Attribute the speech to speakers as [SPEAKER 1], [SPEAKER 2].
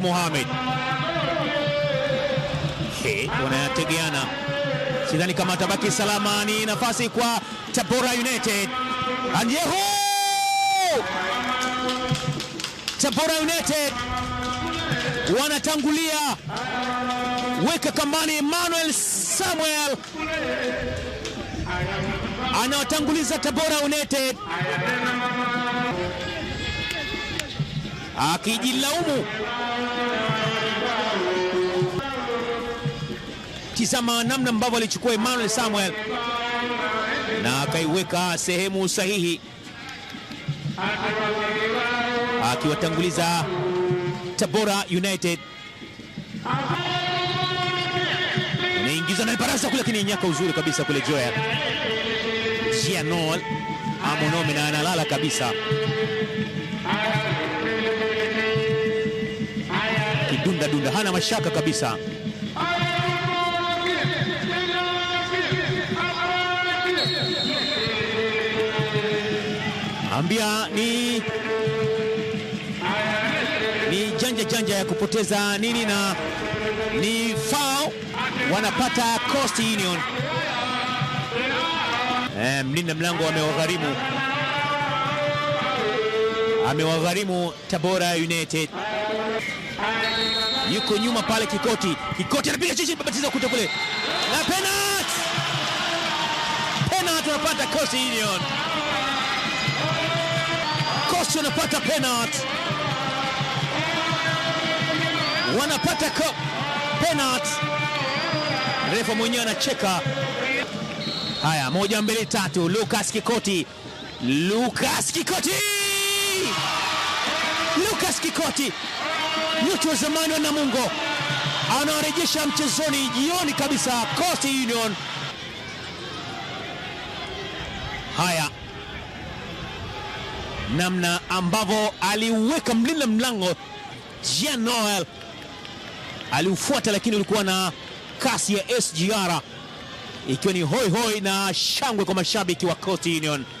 [SPEAKER 1] Salum Mohamed. He, wanategeana. Sidhani kama atabaki salama, ni nafasi kwa Tabora United. Anjeho! Tabora United wanatangulia, weka kambani. Emmanuel Samuel anawatanguliza Tabora United akijilaumu kabisa namna ambavyo alichukua Emmanuel Samuel na akaiweka sehemu sahihi, akiwatanguliza Tabora United. Anaingiza na baraza kule, lakini nyaka uzuri kabisa kule Joel Gianol Amonome, na analala kabisa kidunda dunda, hana mashaka kabisa. Ambia ni, ni janja janja ya kupoteza nini na ni fao wanapata Coast Union. E, mlinda mlango amewagharimu amewagharimu Tabora United. Yuko nyuma pale Kikoti, Kikoti anapiga chichi, babatiza kuta kule na penalty, penalty anapata Coast Union. Wasi wanapata penalty, wanapata penalty. Refa mwenyewe anacheka. Haya, moja mbili tatu. Lucas Kikoti, Lucas Kikoti, Lucas Kikoti, nyota wa zamani wa Namungo anawarejesha mchezoni jioni kabisa Coastal Union. Haya namna ambavyo aliuweka mlinda mlango Jean Noel aliufuata, lakini ulikuwa na kasi ya SGR, ikiwa ni hoihoi hoi na shangwe kwa mashabiki wa Coast Union.